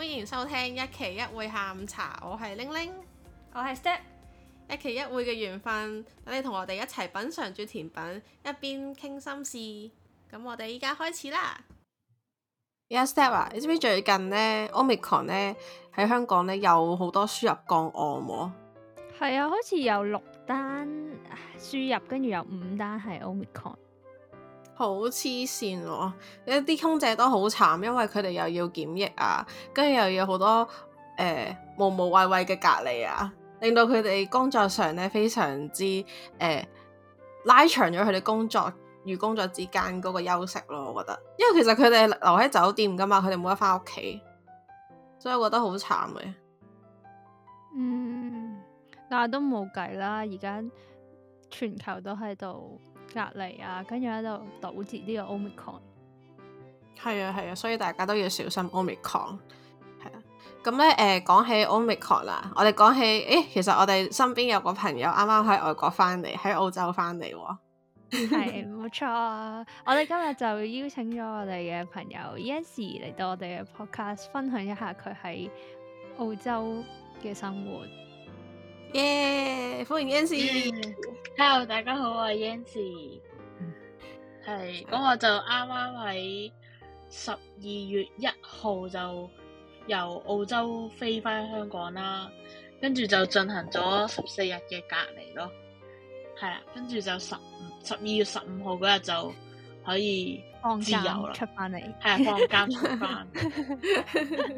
歡迎收聽一期一會下午茶，我係玲玲，我係 Step，一期一會嘅緣分，等你同我哋一齊品嘗住甜品，一邊傾心事。咁我哋依家開始啦。而家、yeah, Step 啊，你知唔知最近呢 Omicron 呢，喺香港呢有好多輸入降案喎？係啊，好似有六單輸入，跟住有五單係 Omicron。好黐線喎！一啲空姐都好慘，因為佢哋又要檢疫啊，跟住又要好多誒、呃、無無謂謂嘅隔離啊，令到佢哋工作上呢非常之誒、呃、拉長咗佢哋工作與工作之間嗰個休息咯，我覺得。因為其實佢哋留喺酒店噶嘛，佢哋冇得返屋企，所以我覺得好慘嘅。嗯，但係都冇計啦，而家全球都喺度，隔離啊，跟住喺度堵截呢個 Omicron。係啊，係啊，所以大家都要小心 Omicron。係啊，咁咧誒，講起 Omicron 啦，我哋講起，誒、欸，其實我哋身邊有個朋友啱啱喺外國翻嚟，喺澳洲翻嚟喎。係，冇錯啊！ 我哋今日就邀請咗我哋嘅朋友 Yansy 嚟到我哋嘅 podcast，分享一下佢喺澳洲嘅生活。耶，e、yeah, 歡迎 Yansy。 Hello 大家好，我係 Yancy，係咁我就啱啱喺十二月一號就由澳洲飛翻香港啦，跟住就進行咗十四日嘅隔離咯，係啦，跟住就十十二月十五號嗰日就可以自由啦，出翻嚟，係啊，放假出翻，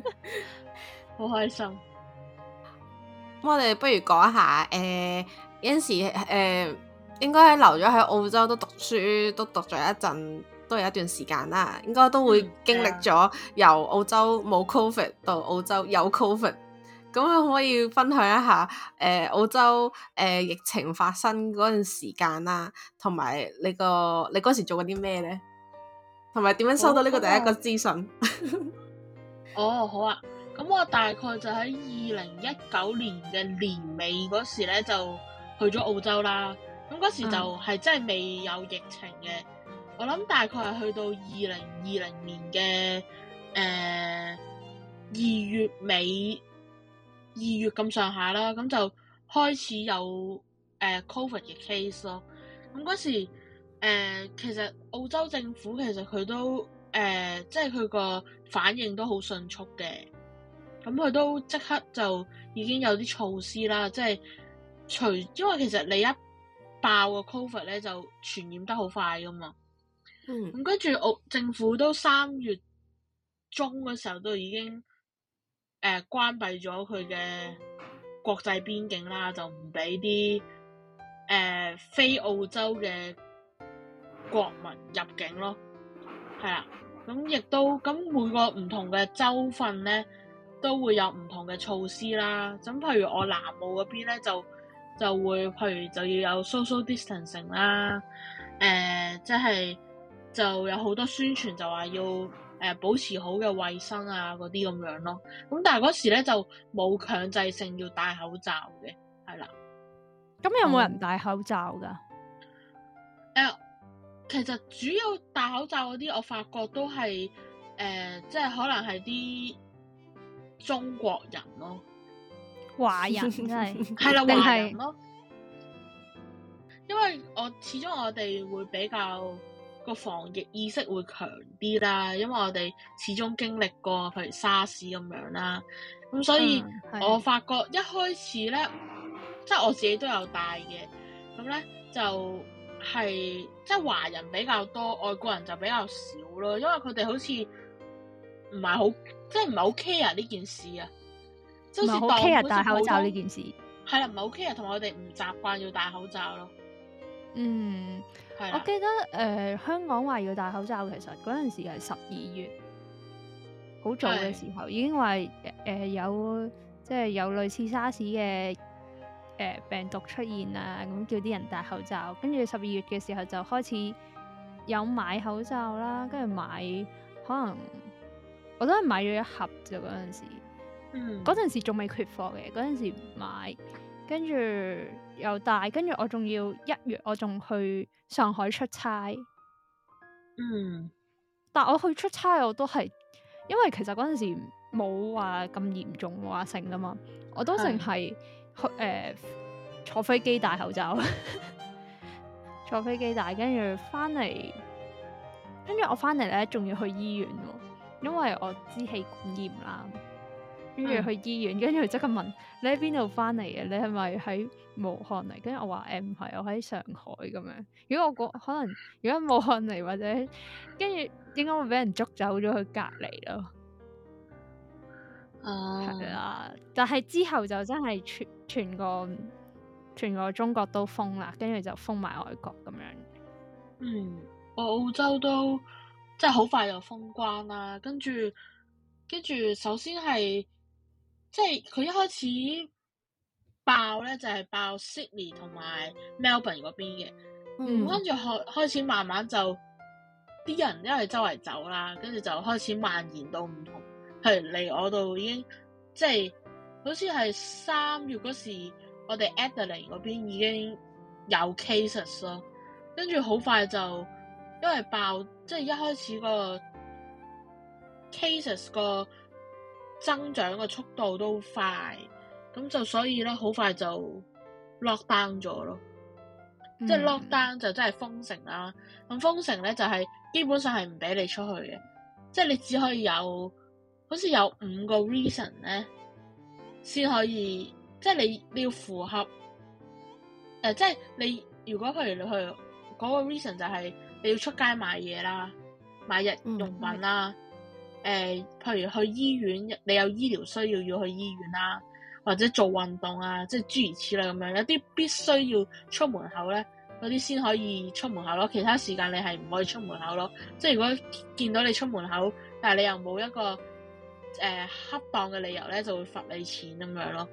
好 開心。咁我哋不如講下誒。呃有陣時誒、呃，應該喺留咗喺澳洲都讀書，都讀咗一陣，都有一段時間啦。應該都會經歷咗由澳洲冇 COVID 到澳洲有 COVID，咁、嗯、CO 可唔可以分享一下誒、呃、澳洲誒、呃、疫情發生嗰段時間啦，同埋你個你嗰時做緊啲咩咧？同埋點樣收到呢個第一個資訊？哦，好啊，咁、 哦啊、我大概就喺二零一九年嘅年尾嗰時咧就。去咗澳洲啦，咁嗰時就係真係未有疫情嘅。嗯、我諗大概係去到二零二零年嘅誒二月尾二月咁上下啦，咁就開始有誒、呃、COVID 嘅 case 咯。咁嗰時誒、呃、其實澳洲政府其實佢都誒即係佢個反應都好迅速嘅，咁佢都即刻就已經有啲措施啦，即係。除，因為其實你一爆個 COVID 咧，就傳染得好快㗎嘛。嗯。咁跟住，澳政府都三月中嘅時候都已經誒、呃、關閉咗佢嘅國際邊境啦，就唔俾啲誒非澳洲嘅國民入境咯。係啦。咁亦都咁每個唔同嘅州份咧，都會有唔同嘅措施啦。咁譬如我南澳嗰邊咧就。就會譬如就要有 social distancing 啦，誒，即係就有好多宣傳就話要誒保持好嘅衛生啊嗰啲咁樣咯，咁但係嗰時咧就冇強制性要戴口罩嘅，係啦。咁有冇人戴口罩噶？誒，其實主要戴口罩嗰啲，我發覺都係誒，即係可能係啲中國人咯。華人真係，係啦，華人咯，因為我始終我哋會比較個防疫意識會強啲啦，因為我哋始終經歷過，譬如沙士咁樣啦，咁所以我發覺一開始咧，嗯、即係我自己都有帶嘅，咁咧就係、是、即係華人比較多，外國人就比較少咯，因為佢哋好似唔係好即係唔係好 care 呢件事啊。唔係好 care 戴口罩呢件事的，係啦，唔係好 care，同埋我哋唔習慣要戴口罩咯。嗯，係是的 我記得誒、呃、香港話要戴口罩，其實陣時係十二月好早嘅時候，是的 已經話誒、呃、有即係有類似沙士嘅誒病毒出現啦，咁叫啲人戴口罩。跟住十二月嘅時候就開始有買口罩啦，跟住買可能我都係買咗一盒就陣時就。嗰陣、嗯、時仲未缺貨嘅，嗰陣時唔買跟住又戴，跟住我仲要一月，我仲去上海出差。嗯，但我去出差我都係因為其實嗰陣時冇話咁嚴重話性㗎嘛，我都淨係是去誒坐飛機戴口罩，坐飛機戴。跟住翻嚟，跟住我翻嚟咧，仲要去醫院喎，因為我支氣管炎啦，跟住去醫院，跟住佢即刻問你喺邊度翻嚟呀？你係咪喺武漢嚟？跟住我話誒唔係，我喺上海咁樣。如果我講可能，如果武漢嚟或者，跟住應該會俾人捉走咗去隔離咯。哦、啊，係啦。但係之後就真係全全個全個中國都封啦，跟住就封埋外國咁樣。嗯，澳洲都即係好快又封關啦。跟住跟住，首先係。即係佢一開始爆咧就係、是、爆 Sydney 同埋 Melbourne 嗰邊嘅，跟住開開始慢慢就啲人因為周圍走啦，跟住就開始蔓延到唔同，係嚟我度已經即係好似係三月嗰時，我哋 Adelaide 嗰邊已經有 cases 咯，跟住好快就因為爆即係一開始個、那、cases 個。增長嘅速度都快，咁就所以咧，好快就 lock down 咗咯。嗯、即係 lock down 就真係封城啦、啊。咁封城咧就係、是、基本上係唔俾你出去嘅，即係你只可以有好似有五個 reason 咧，先可以即係你你要符合誒、呃，即係你如果譬如你去嗰、那個 reason 就係你要出街買嘢啦，買日用品啦。嗯嗯。誒、呃，譬如去醫院，你有醫療需要要去醫院啊，或者做運動啊，即係諸如此類咁樣。有啲必須要出門口咧，嗰啲先可以出門口咯。其他時間你係唔可以出門口咯。即係如果見到你出門口，但係你又冇一個誒恰當嘅理由咧，就會罰你錢咁樣咯。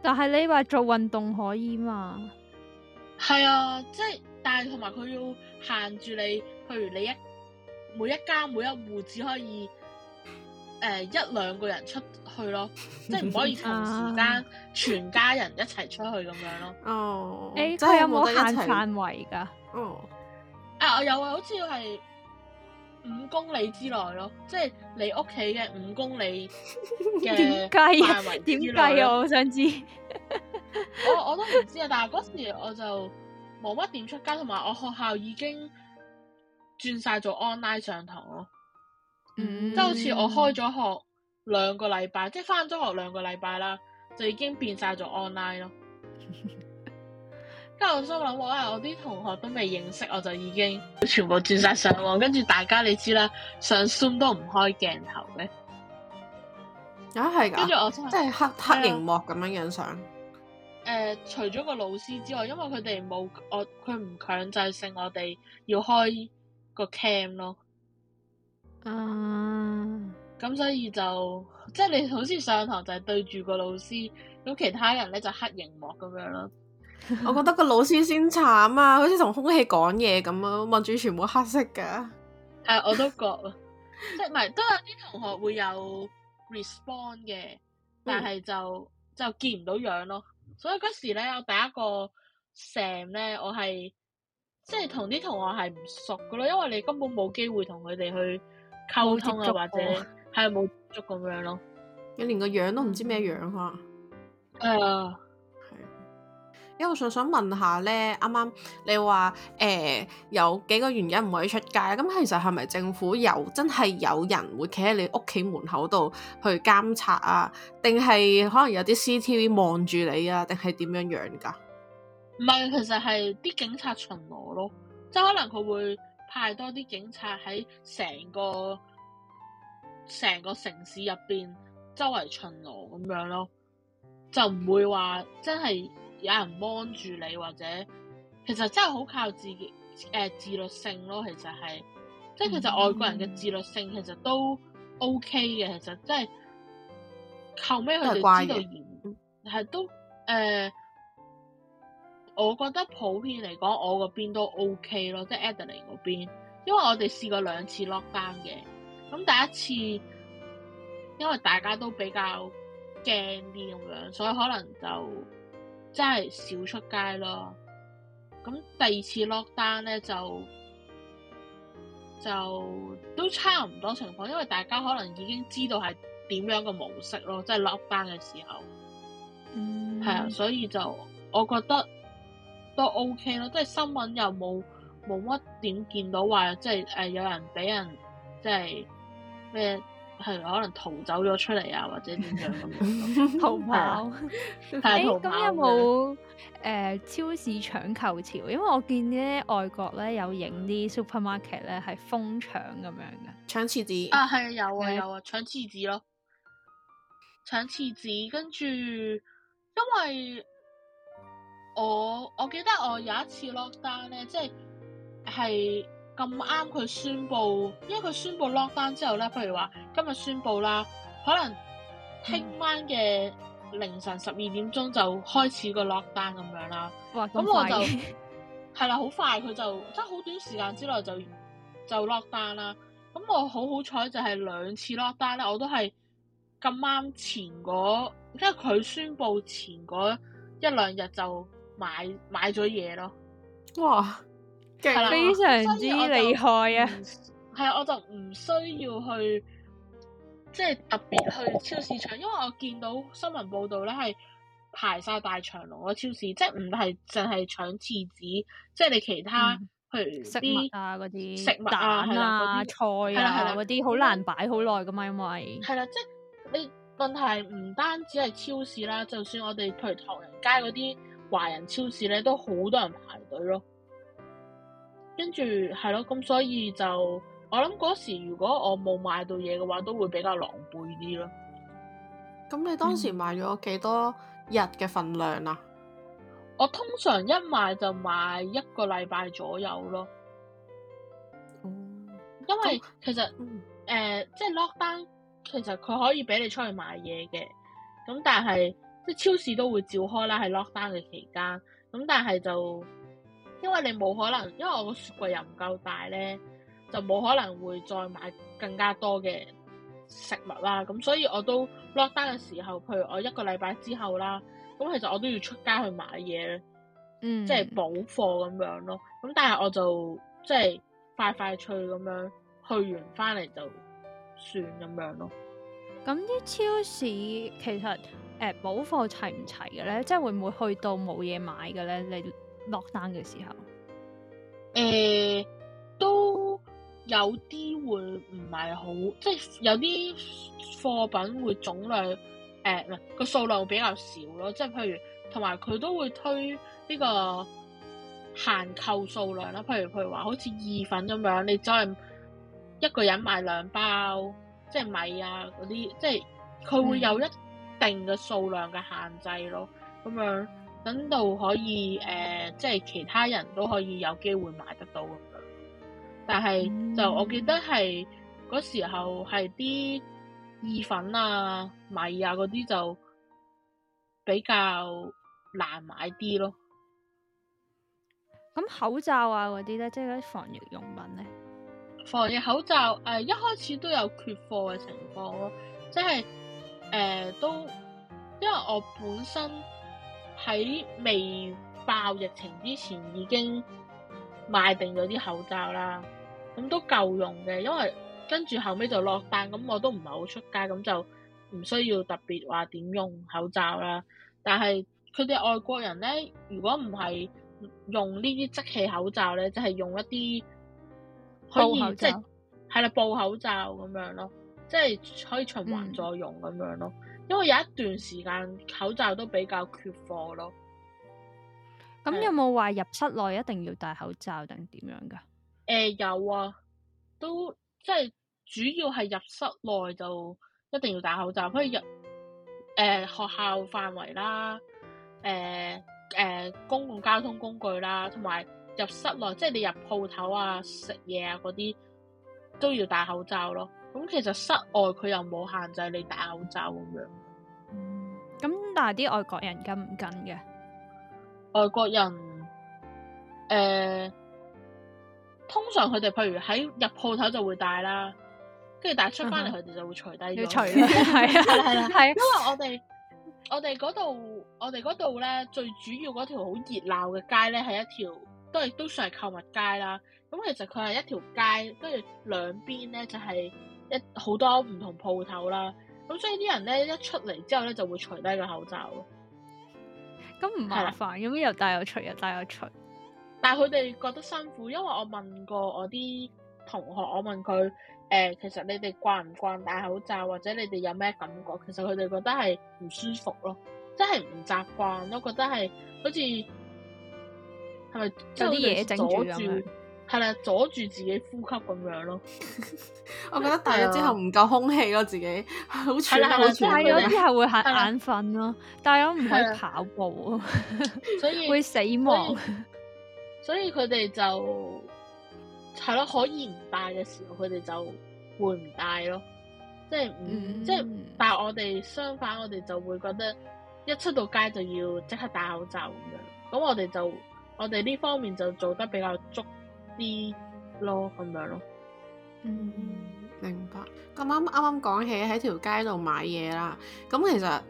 但係你話做運動可以嘛？係啊，即係，但係同埋佢要限住你，譬如你一。每一家每一戶只可以誒、呃、一兩個人出去咯， 即係唔可以同時間全家人一齊出去咁樣咯。哦，誒，佢有冇限範圍噶？哦，啊有、oh。啊，我有啊，好似係五公里之內咯，即係你屋企嘅五公里嘅範圍之內啊！ 我想知 我，我我都唔知啊，但係嗰時我就冇乜點出街，同埋我學校已經。轉晒做 online 上堂咯，即係好似我開咗學兩個禮拜，嗯、即係翻咗學兩個禮拜啦，就已經變晒做 online 咯。咁 我心諗，哇！我啲同學都未認識，我就已經全部轉晒上網。跟住大家你知啦，上 Zoom 都唔開鏡頭嘅，啊係，跟住我真係黑黑熒幕咁樣樣上。誒、嗯呃，除咗個老師之外，因為佢哋冇我，佢唔強制性我哋要開。個 cam 咯，嗯、uh，咁所以就即係你好似上堂就係對住個老師，咁其他人咧就黑熒幕咁樣咯。 我覺得個老師先慘啊，好似同空氣講嘢咁啊，望住全部黑色噶。係、 啊，我都覺， 即係唔係都有啲同學會有 respond 嘅，但係就、oh. 就見唔到樣咯。所以嗰時咧，我第一個 cam 咧，我係。即係同啲同學係唔熟噶咯，因為你根本冇機會同佢哋去溝通啊，沒或者係冇接觸咁樣咯。你連個樣都唔知咩樣啊！係啊、嗯，因為的我想問一下咧，啱啱你話誒、欸、有幾個原因唔可以出街？咁其實係咪政府有真係有人會企喺你屋企門口度去監察啊？定係可能有啲 CCTV 望住你啊？定係點樣樣噶？唔係，其實係啲警察巡邏咯，即係可能佢會派多啲警察喺成個成個城市入面，周圍巡邏咁樣咯，就唔會話真係有人幫住你或者其實真係好靠自己誒、呃、自律性咯，其實係即係其實外國人嘅自律性其實都 OK 嘅，其實即係後屘佢哋知道而係都誒。我覺得普遍嚟講，我嗰邊都 OK 咯，即係 Adeline 嗰邊，因為我哋試過兩次 lock down 嘅，咁第一次因為大家都比較驚啲咁樣，所以可能就真係少出街咯。咁第二次 lock down 呢就就都差唔多情況，因為大家可能已經知道係點樣個模式咯，即係 lock down 嘅時候，係啊、嗯，所以就我覺得。都 OK 咯，即係新聞又冇冇乜點見到話，即係、就是呃、有人俾人即係咩係可能逃走咗出嚟啊，或者點樣咁樣 逃跑？誒咁、啊欸、有冇、呃、超市搶購潮？因為我見啲外國咧有影啲 supermarket 咧係瘋搶咁樣嘅搶廁紙啊，係啊，有啊、嗯、有啊，搶廁紙咯，搶廁紙跟住因為。我我記得我有一次 lockdown 咧，即係係咁啱佢宣布，因為佢宣布 lockdown 之後咧，譬如話今日宣布啦，可能聽晚嘅凌晨十二點鐘就開始個 lockdown 咁樣啦。哇！咁快，咁我就係啦，好 快佢就即係好短時間之內就就 lockdown 啦。咁我好好彩就係兩次 lockdown 咧，我都係咁啱前嗰，即係佢宣布前嗰一兩日就。買買咗嘢咯，哇，非常之厲害啊！係啊， 我就唔需要去即係、就是、特別去超市場，因為我見到新聞報道咧係排晒大長龍嘅超市， 即係唔係淨係搶廁紙， 即係你其他譬如食物啊嗰啲食物啊、係啊嗎菜啊嗰啲，好吧難擺好耐噶嘛。因為係啦，即係你問題係唔單止係超市啦，就算我哋譬如唐人街嗰啲。華人超市咧都好多人排隊咯，跟住係咯，咁所以就我諗嗰時如果我冇買到嘢嘅話，都會比較狼狽啲咯。咁你當時買咗幾多日嘅份量啊、嗯？我通常一買就買一個禮拜左右咯。嗯、因為其實誒，即係、嗯呃就是、lockdown，其實佢可以俾你出去買嘢嘅，咁但係。即超市都會照開啦，喺 lock down 嘅期間，咁但係就因為你冇可能，因為我個雪櫃又唔夠大咧，就冇可能會再買更加多嘅食物啦。咁所以我都 lock down 嘅時候，譬如我一個禮拜之後啦，咁其實我都要出街去買嘢，嗯，即係補貨咁樣咯。咁但係我就即係快快脆咁樣去完翻嚟就算咁樣咯。咁啲超市其實。誒補貨齊唔齊嘅咧？即係會唔會去到冇嘢買嘅咧？你落單嘅時候誒、呃、都有啲會唔係好，即係有啲貨品會總量誒唔，個數量會比較少咯。即係譬如，同埋佢都會推呢個限購數量啦。譬如，譬如話好似意粉咁樣，你就係一個人買兩包，即係米啊嗰啲，即係佢會有一、嗯。定嘅數量嘅限制咯，咁樣，等到可以誒、呃，即係其他人都可以有機會買得到咁樣。但係、嗯、就我記得係嗰時候係啲意粉啊、米啊嗰啲就比較難買啲咯。咁口罩啊嗰啲咧，即係嗰啲防疫用品咧，防疫口罩誒、呃，一開始都有缺貨嘅情況咯，即係。誒、呃、都，因為我本身喺未爆疫情之前已經買定咗啲口罩啦，咁都夠用嘅。因為跟住後尾就落單，咁我都唔係好出街，咁就唔需要特別話點用口罩啦。但係佢哋外國人咧，如果唔係用呢啲即棄口罩咧，就係、是、用一啲布口罩，即係啦，布口罩咁樣咯。即係可以循環再用咁樣咯，嗯、因為有一段時間口罩都比較缺貨咯。咁有冇話入室內一定要戴口罩定點樣噶？誒、呃，有啊，都即係主要係入室內就一定要戴口罩，譬如入誒、呃、學校範圍啦，誒、呃、誒、呃、公共交通工具啦，同埋入室內，即係你入鋪頭啊、食嘢啊嗰啲都要戴口罩咯。咁其實室外佢又冇限制你戴口罩咁樣，咁但係啲外國人跟唔跟嘅？外國人誒、呃，通常佢哋譬如喺入鋪頭就會戴啦，跟住但係出翻嚟佢哋就會除低咗。要除啦，係啊，係啦，係。因為我哋我哋嗰度我哋嗰度咧，最主要嗰條好熱鬧嘅街咧，係一條都亦都算係購物街啦。咁其實佢係一條街，跟住兩邊咧就係、是。一好多唔同鋪頭啦，咁所以啲人咧一出嚟之後咧就會除低個口罩咯。咁唔麻煩，咁又戴又除，又戴又除。但係佢哋覺得辛苦，因為我問過我啲同學，我問佢，誒、呃，其實你哋慣唔慣戴口罩，或者你哋有咩感覺？其實佢哋覺得係唔舒服咯，真係唔習慣咯，覺得係好似係咪有啲嘢阻住咁樣係啦，阻住自己呼吸咁樣咯。 我覺得戴咗之後唔夠空氣咯，自己好喘，戴咗之後會喺眼瞓咯的、啊，但係我唔可以跑步，的 所以會死亡。所以佢哋就係咯，可以唔戴嘅時候，佢哋就會唔戴咯。即、就、係、是，即係、嗯，但係我哋相反，我哋就會覺得一出到街就要即刻戴口罩咁樣。咁我哋就我哋呢方面就做得比較足。啲咯，咁樣咯，嗯，明白。咁啱啱啱講起喺條街度買嘢啦，咁其實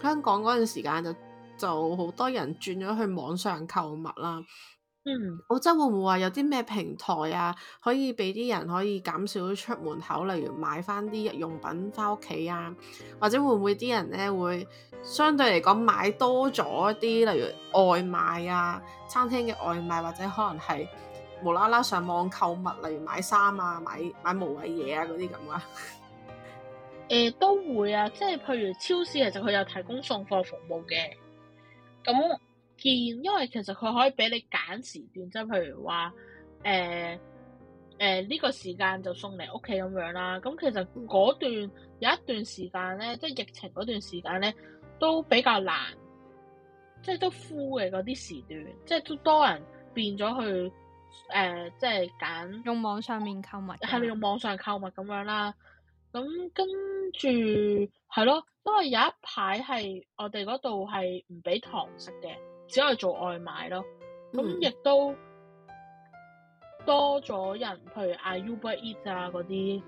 香港嗰段時間就就好多人轉咗去網上購物啦。嗯，澳洲會唔會話有啲咩平台啊，可以俾啲人可以減少出門口，例如買翻啲日用品翻屋企啊？或者會唔會啲人咧會相對嚟講買多咗一啲，例如外賣啊、餐廳嘅外賣，或者可能係。無啦啦上網購物，例如買衫啊、買買無謂嘢啊嗰啲咁啊。誒、欸、都會啊，即係譬如超市其實佢有提供送貨服務嘅。咁見，因為其實佢可以俾你揀時段，即係譬如話誒誒呢個時間就送嚟屋企咁樣啦。咁其實嗰段有一段時間咧，即係疫情嗰段時間咧，都比較難，即係都枯嘅嗰啲時段，即係都多人變咗去，誒、呃，即係揀用網上面購物，係咪用網上購物咁樣啦。咁跟住係咯，因為有一排係我哋嗰度係唔俾堂食嘅，只可以做外賣咯。咁亦都多咗人，譬如啊 Uber Eat 啊嗰啲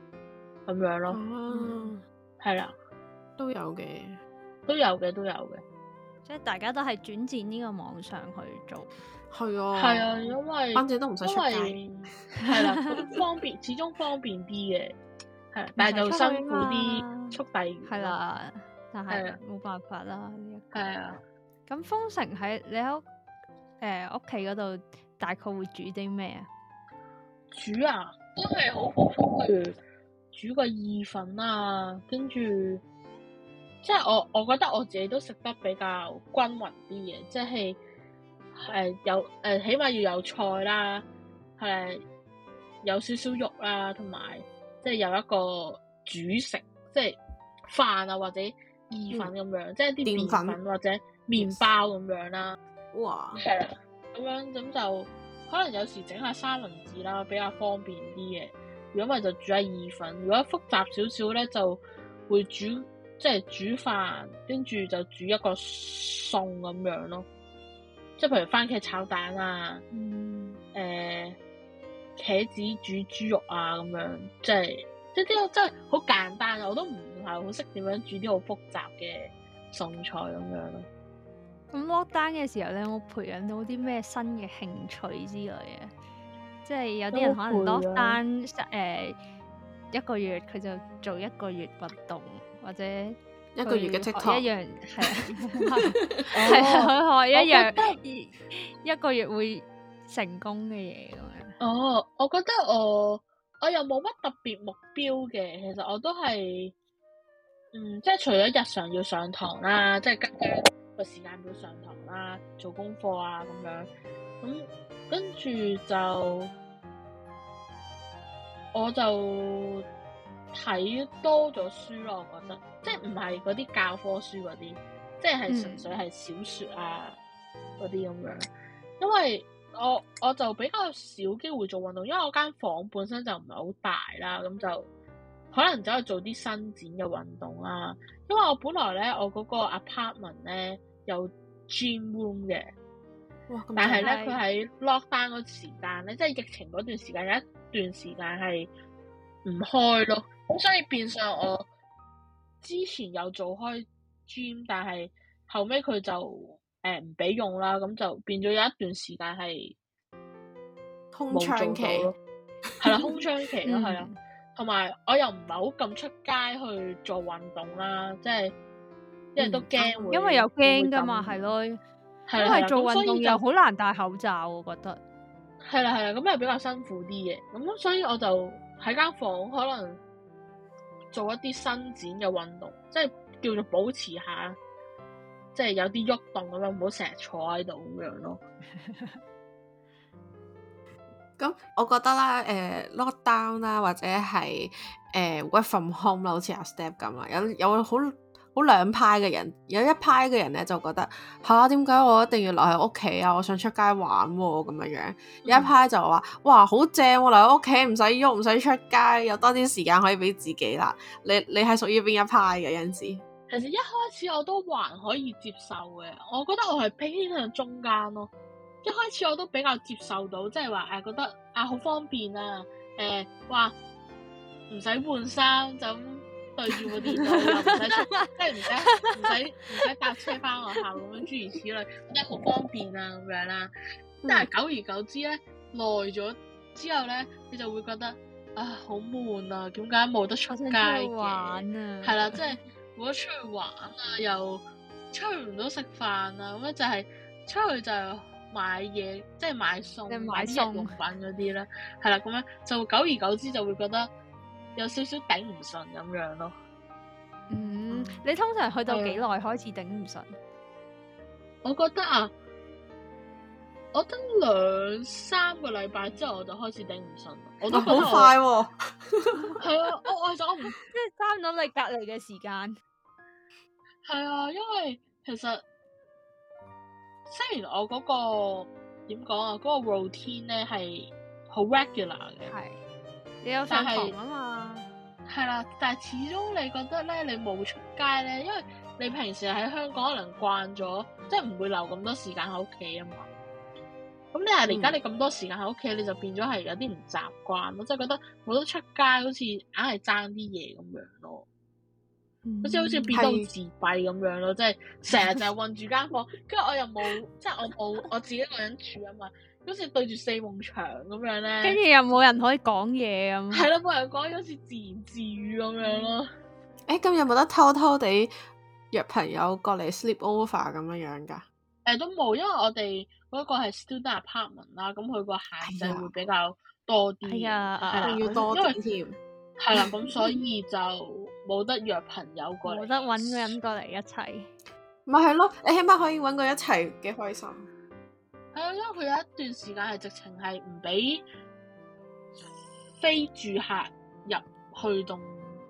咁樣咯。係啦、啊嗯，都有嘅，都有嘅，都有嘅，即係大家都係轉戰呢個網上去做。係啊，係啊，因為反正都唔使出街，係啦，啊、方便 始終方便啲嘅，係，但係就辛苦啲，速遞係啦，啊、但係冇辦法啦，係啊，咁封、這個啊、城喺你喺誒屋企嗰度大概會煮啲咩啊？煮啊，都係好普通，譬如、嗯、煮個意粉啊，跟住，即係我我覺得我自己都食得比較均勻啲嘢，即係。係、呃、有誒、呃，起碼要有菜啦，係、呃、有少少肉啦，同埋即係有一個主食，即係飯啊或者意粉咁樣，嗯、即係啲麵粉，麵粉或者麵包咁樣啦。哇！係啦，咁樣咁就可能有時整下三文治啦，比較方便啲嘅。如果咪就煮下意粉。如果複雜少少咧，就會煮即係煮飯，跟住就煮一個餸咁樣咯。即係譬如番茄炒蛋啊，誒、嗯呃、茄子煮豬肉啊咁樣，即係即啲真係好簡單，我都唔係好識點樣煮啲好複雜嘅餸菜咁樣。咁 lockdown 嘅時候咧，我培養到啲咩新嘅興趣之類嘅，嗯、即係有啲人可能 lockdown 一個月佢就做一個月運動或者。一個月嘅職場一樣係，係去學一樣一一個月會成功嘅嘢咁樣。哦，我覺得我我又冇乜特別目標嘅，其實我都係，嗯，即係除咗日常要上堂啦，即係跟跟個時間表上堂啦，做功課啊咁樣，咁跟住就我就。睇多咗書咯，我覺得即係唔係嗰啲教科書嗰啲，即係純粹係小説啊嗰啲咁樣。因為我我就比較少機會做運動，因為我間房本身就唔係好大啦，咁就可能走去做啲伸展嘅運動啦。因為我本來咧，我嗰個 apartment 咧有 gym room 嘅，但係咧佢喺 lockdown 嗰時間咧，嗯、即係疫情嗰段時間有一段時間係唔開咯。所以變相我之前有做開 gym，但係後尾佢就誒唔俾用啦，咁就變咗有一段時間係空窗期，係 啦，空窗期咯，係啊、嗯。同埋我又唔係好咁出街去做運動啦，即係因為都驚、嗯，因為有驚噶嘛，係咯，因為做運動就好難戴口罩，我覺得係啦係啦，咁又比較辛苦啲嘅，咁所以我就喺間房可能。做一啲伸展嘅運動，即係叫做保持下，即係有啲喐動咁樣，唔好成日坐喺度咁樣咯。咁我覺得啦，誒、呃、lock down 啦，或者係誒 work from home 啦，好似阿 Step 咁啊，有有好。好兩派嘅人，有一派嘅人咧就覺得吓，點、啊、解我一定要留喺屋企啊？我想出街玩喎、啊、咁樣樣，嗯、有一派就話哇，好正喎，留喺屋企唔使喐，唔使出街，有多啲時間可以俾自己啦。你你係屬於邊一派嘅？有陣時，其實一開始我都還可以接受嘅，我覺得我係偏向中間咯。一開始我都比較接受到，即係話誒覺得啊好方便啊。呃，誒話唔使換衫咁。 對住 我電腦唔使出，即係唔使唔使唔使搭車返學校咁樣，諸如此類，真係好方便啊咁樣啦。嗯、但係久而久之咧，耐咗之後咧，你就會覺得悶啊，好悶啊，點解冇得出街嘅？係啦，即係冇得出去玩啊，又出去唔到食飯啊，咁樣就係、是、出去就買嘢，即、就、係、是、買餸、買日用品嗰啲咧，係 啦，咁樣就久而久之就會覺得。有少少頂唔順咁樣咯，嗯，嗯，你通常去到幾耐開始頂唔順？我覺得啊，我得兩三個禮拜之後我就開始頂唔順，啊、我都好快喎、啊，係 啊，我我想我唔即係爭到你隔離嘅時間，係啊，因為其實雖然我嗰、那個點講啊，嗰、那個 routine 咧係好 regular 嘅，係你有上堂是係啦，但係始終你覺得咧，你冇出街咧，因為你平時喺香港可能慣咗，即係唔會留咁多時間喺屋企啊嘛。咁你係而家你咁多時間喺屋企，你就變咗係有啲唔習慣咯，即係覺得好多出街好似硬係爭啲嘢咁樣咯，好似好似變到自閉咁樣咯，即係成日就係困住間房，跟住我又冇，即係我冇我自己一個人住啊嘛。好似對住四面牆咁樣咧，跟住又冇人可以講嘢咁，係咯，冇人講，好似自言自語咁樣咯。誒、嗯，咁有冇得偷偷地約朋友過嚟 sleep over 咁樣樣噶？誒、欸，都冇，因為我哋嗰個係 student apartment 啦，咁佢個限制會比較多啲，係啊了，仲要多啲添，係啦，咁 所以就冇得約朋友過嚟，冇得搵個人過嚟一齊，咪係咯，你起碼可以搵個一齊幾開心。係啊，因為佢有一段時間係直情係唔俾非住客入去棟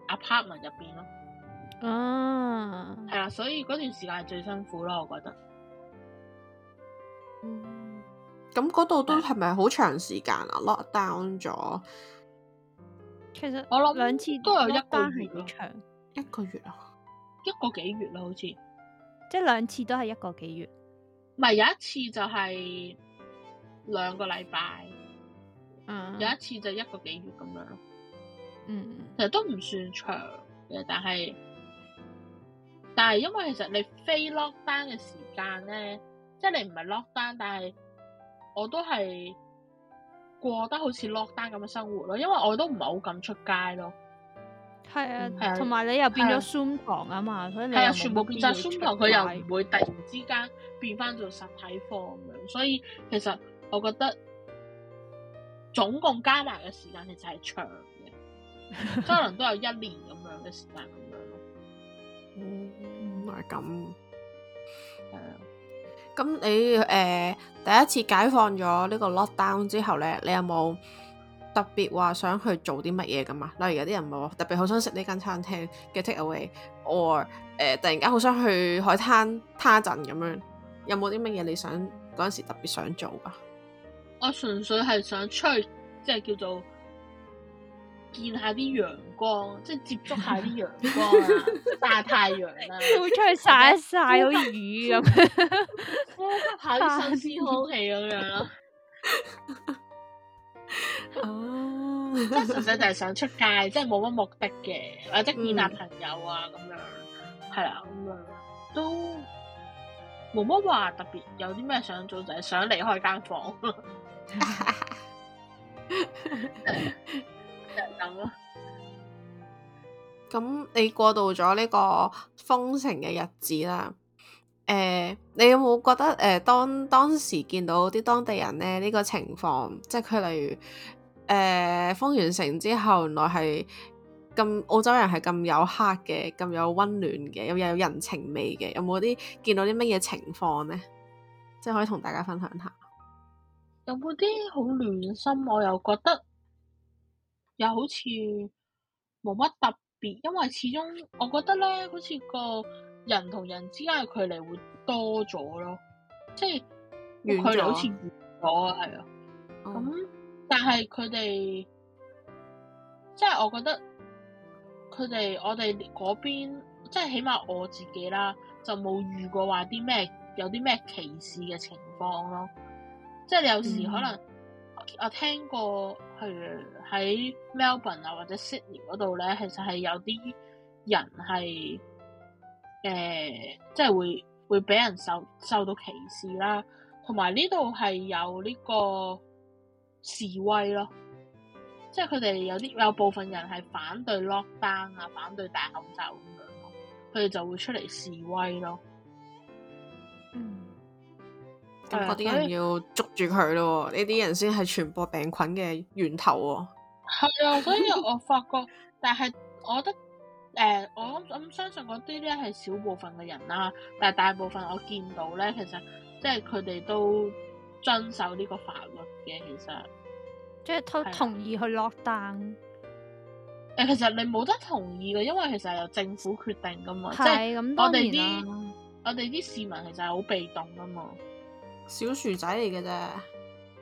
apartment 入邊咯。嗯、啊，係啊，所以嗰段時間係最辛苦咯，我覺得。嗯，咁嗰度都係咪好長時間啊的？Lock down 咗，其實我諗想兩次都有一單係長一個月啊，一個幾月啦，好似即係兩次都係一個幾月。唔係有一次就係兩個禮拜，嗯，有一次就，個、嗯、一，次就一個幾月咁樣，嗯，其實都唔算長嘅，但係，但係因為其實你非 lock down 嘅時間咧，即、就、係、是、你唔係 lock down，但係我都係過得好似 lock down 咁嘅生活咯，因為我都唔係好敢出街咯。係啊，同埋、嗯、你又變咗 Zoom 堂啊嘛，所以你係啊，全部變曬 Zoom 堂，佢外又唔會突然之間變翻做實體課咁樣，所以其實我覺得總共加埋嘅時間其實係長嘅， 可能都有一年咁樣嘅時間咁樣咯。原來咁、嗯。係啊。咁、嗯、你誒、呃、第一次解放咗呢個 lockdown 之後咧，你有冇特別話想去做啲乜嘢㗎嘛？例如有啲人話特別好想食呢間餐廳嘅 takeaway，or 誒、呃、突然間好想去海灘攤一陣咁樣。有冇啲乜嘢你想嗰陣時特別想做㗎？我純粹係想出去，即係叫做見下啲陽光，即係接觸下啲陽光啦， 曬太陽啦，會出去曬一曬， 好似雨咁，呼吸下啲新鮮空氣咁樣咯。 哦，即係純粹就係想出街，即係冇乜目的嘅，或者見男朋友啊咁、嗯、樣，係啦咁樣都冇乜話特別有啲咩想做，就係、是、想離開間房咯， 就係咁咯。咁你過渡咗呢個封城嘅日子啦，誒、呃，你有冇覺得誒、呃、當當時見到啲當地人咧呢、這個情況，即係佢例如。誒，封完城之後，原來係咁澳洲人係咁有 heart 嘅，咁有溫暖嘅，又又有人情味嘅，有冇啲見到啲乜嘢情況咧？即係可以同大家分享一下。有冇啲好暖心？我又覺得又好似冇乜特別，因為始終我覺得咧，好似個人同人之間嘅距離會多咗咯，即係距離好似遠咗了，係啊，咁、嗯。但係佢哋即係，我覺得佢哋我哋嗰邊即係，起碼我自己啦，就冇遇過話啲咩有啲咩歧視嘅情況咯。即係有時可能、嗯、我，我聽過，係喺 Melbourne 啊或者 Sydney 嗰度咧，其實係有啲人係誒、呃，即係會會俾人受受到歧視啦。同埋呢度係有呢、這個。示威咯，即係佢哋有啲有部分人係反對 lockdown 啊，反對戴口罩咁樣咯，佢哋就會出嚟示威咯。嗯，咁嗰啲人要捉住佢咯，呢啲人先係傳播病菌嘅源頭喎。係啊，所以我發覺， 但係我覺得，誒、呃，我諗我相信嗰啲咧係少部分嘅人啦，但係大部分我見到咧，其實即係佢哋都遵守呢個法律嘅，其實。即係同同意去 lock down？誒、啊，其實你冇得同意嘅，因為其實係由政府決定噶嘛。係咁多年啦，我哋啲我哋啲市民其實係好被動噶嘛，小薯仔嚟嘅啫。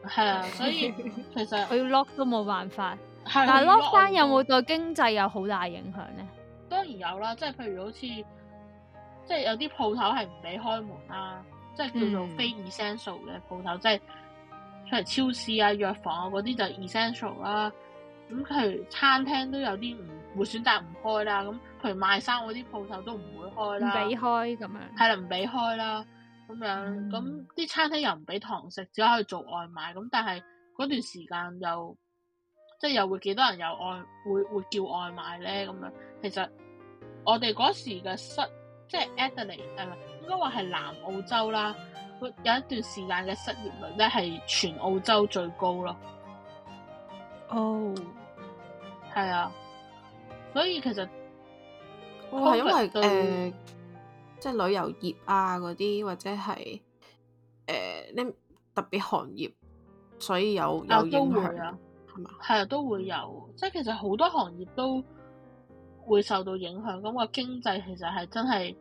係啊，所以 其實佢要 lock 都冇辦法。係、啊，但係 lock down 有冇對經濟有好大影響咧？當然有啦，即係譬如好似即係有啲鋪頭係唔俾開門啦，啊，即係叫做非 essential 嘅鋪頭，嗯、即係。係超市啊、藥房啊嗰啲就 essential 啦。咁佢餐廳都有啲唔會選擇唔開啦。咁譬如賣衫嗰啲鋪頭都唔會開啦。唔俾開咁樣。係啦，唔俾開啦。咁樣咁啲、嗯、餐廳又唔俾堂食，只可以做外賣。咁但係嗰段時間又即係、就是、又會幾多人有外會會叫外賣咧？咁、嗯、樣其實我哋嗰時嘅室即係 Adelaide 應該話係南澳洲啦。有一段時間嘅失業率咧係全澳洲最高咯。哦，係啊，所以其實我係、哦、因為誒都、呃，即係旅遊業啊嗰啲或者係誒啲特別行業，所以有、啊、有影響係嘛？係啊，都會有，即係其實好多行業都會受到影響。咁個經濟其實係真係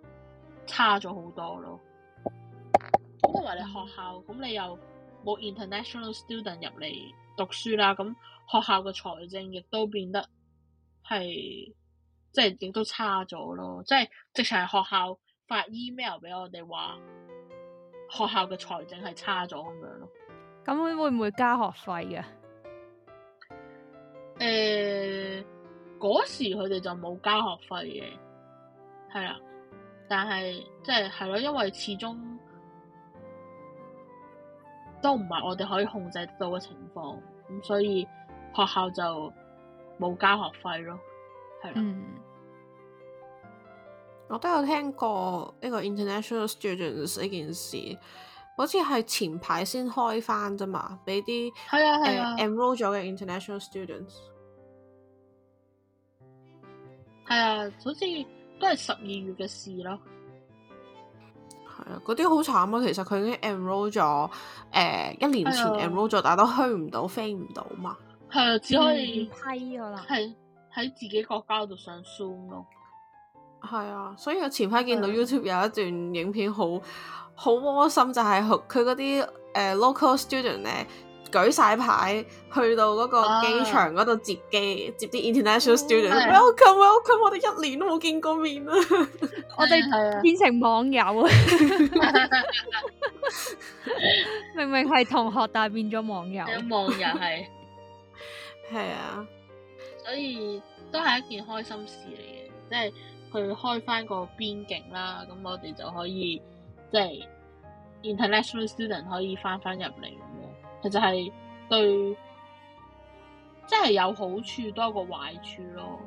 差咗好多咯。因為你學校咁你又冇 international student 入嚟讀書啦，咁學校嘅財政亦都變得係即係亦都差咗咯，即係直情係學校發 email 俾我哋話學校嘅財政係差咗咁樣咯。咁會唔會交學費嘅？誒、欸，嗰時佢哋就冇交學費嘅，係啦，但係即係係咯，因為始終。都唔係我哋可以控制到嘅情況，咁所以學校就冇交學費咯，係啦。嗯、我都有聽過呢個 international students 呢件事，好似係前排先開翻啫嘛，俾啲係啊係啊 enroll 咗嘅 international students，係啊，好似都係十二月嘅事咯。嗰啲好慘啊！其實佢已經 enroll 咗，誒、呃、一年前 enroll 咗，但都的去唔到飛唔到嘛。係啊，只可以批啊啦。係喺自己國家度上 Zoom 咯。係啊，所以我前排見到 YouTube 有一段影片很，好好的窩心，就係、是、佢嗰啲誒、呃、local student 咧。舉晒牌去到嗰個機場嗰度接機，啊、接啲 international student，welcome，welcome，的 welcome，我哋一年都冇見過面啦，是的 我哋變成網友啊！是的 明明係同學，但係變咗網友， 明明網友係，係啊，所以都係一件開心事嚟嘅，即係佢開翻個邊境啦，咁我哋就可以即係 international student 可以翻翻入嚟。其實係對，即係有好處，都有個壞處咯。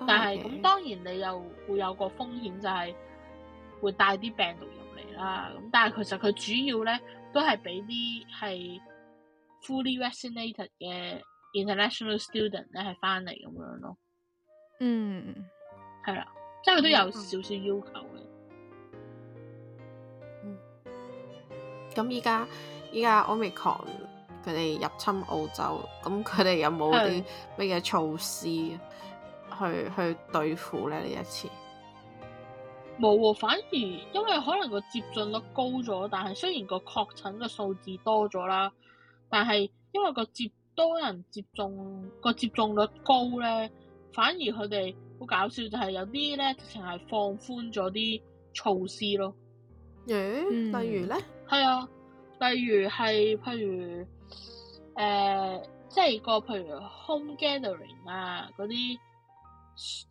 Okay. 但係咁，當然你又會有個風險，就係會帶啲病毒入嚟啦。咁，mm hmm. 但係，其實佢主要咧都係俾啲係 fully vaccinated 嘅 international student 咧係翻嚟咁樣咯。點點的 mm hmm. 嗯，係啦，即係佢都有少少要求嘅。嗯，咁而家。依家 Omicron 佢哋入侵澳洲，咁佢哋有冇啲咩嘅措施去的去，去對付咧？呢一次冇、哦，反而因為可能個接，接，接，接種率高咗，但係雖然個確診嘅數字多咗啦，但係因為個接多人接種個接種率高咧，反而佢哋好搞笑就是有些，就係有啲咧直情係放寬咗啲措施咯。例如咧，係、嗯、啊。例如係，譬如誒、呃，即係個譬如 home gathering 啊，嗰啲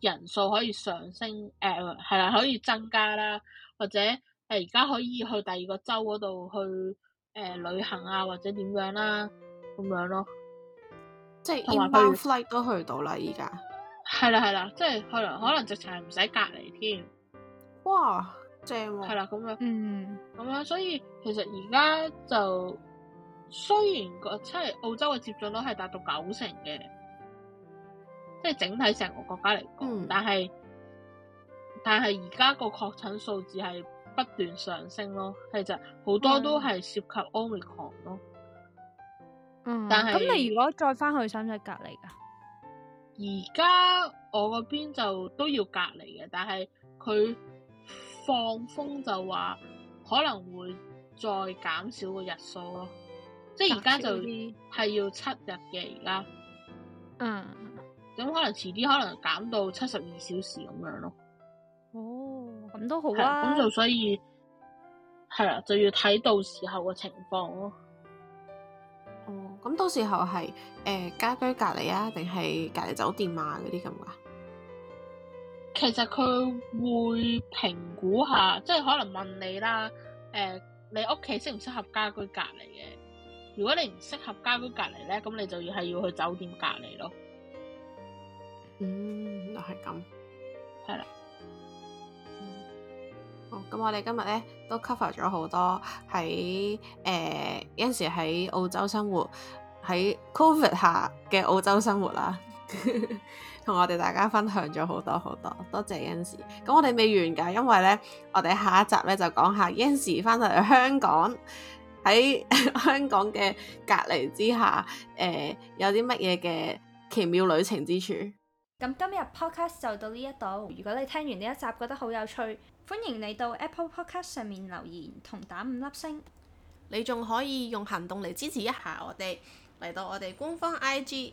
人數可以上升，誒係啦，可以增加啦，或者誒而家可以去第二個州嗰度去誒、呃、旅行啊，或者點樣啦、啊，咁樣咯，即係同埋包 flight 都去到啦，而家係啦係啦，即係可能可能直情係唔使隔離添。哇！正係啦，咁樣，嗯，咁樣，所以其實而家就雖然個即係澳洲嘅接種率係達到九成嘅，即係整體成個國家嚟講、嗯，但係但係而家個確診數字係不斷上升咯，其實好多都係涉及奧密克戎咯嗯。嗯，但係咁，嗯，你如果再翻去，使唔使隔離噶？而家我嗰邊就都要隔離嘅，但係佢。放風就話可能會再減少個日數咯，即係而家就係要七日嘅而家，嗯，咁可能遲啲可能減到七十二小時咁樣咯。哦，咁都好啊。咁就所以係啦，就要睇到時候嘅情況咯。哦、嗯，咁到時候係誒、呃、家居隔離啊，定係隔離酒店啊嗰啲咁噶？其實佢會評估下，即係可能問你啦，誒、呃，你屋企適唔適合家居隔離嘅？如果你唔適合家居隔離咧，咁你就要係要去酒店隔離咯。嗯，就係咁，係啦的。哦、嗯，咁我哋今日咧都 cover 咗好多喺誒、呃、有陣時喺澳洲生活喺 COVID 下嘅澳洲生活啦。同 我哋大家分享咗好多好多，多謝 Yansy。咁我哋未完噶，因為呢，我哋下一集呢就講下 Yansy 翻到嚟香港喺香港嘅隔離之下，誒、呃，有啲乜嘢嘅奇妙旅程之處。咁今日 Podcast 就到呢一度。如果你聽完呢一集覺得好有趣，歡迎你到 Apple Podcast 上面留言同打五粒星。你仲可以用行動嚟支持一下我哋，嚟到我哋官方 IG。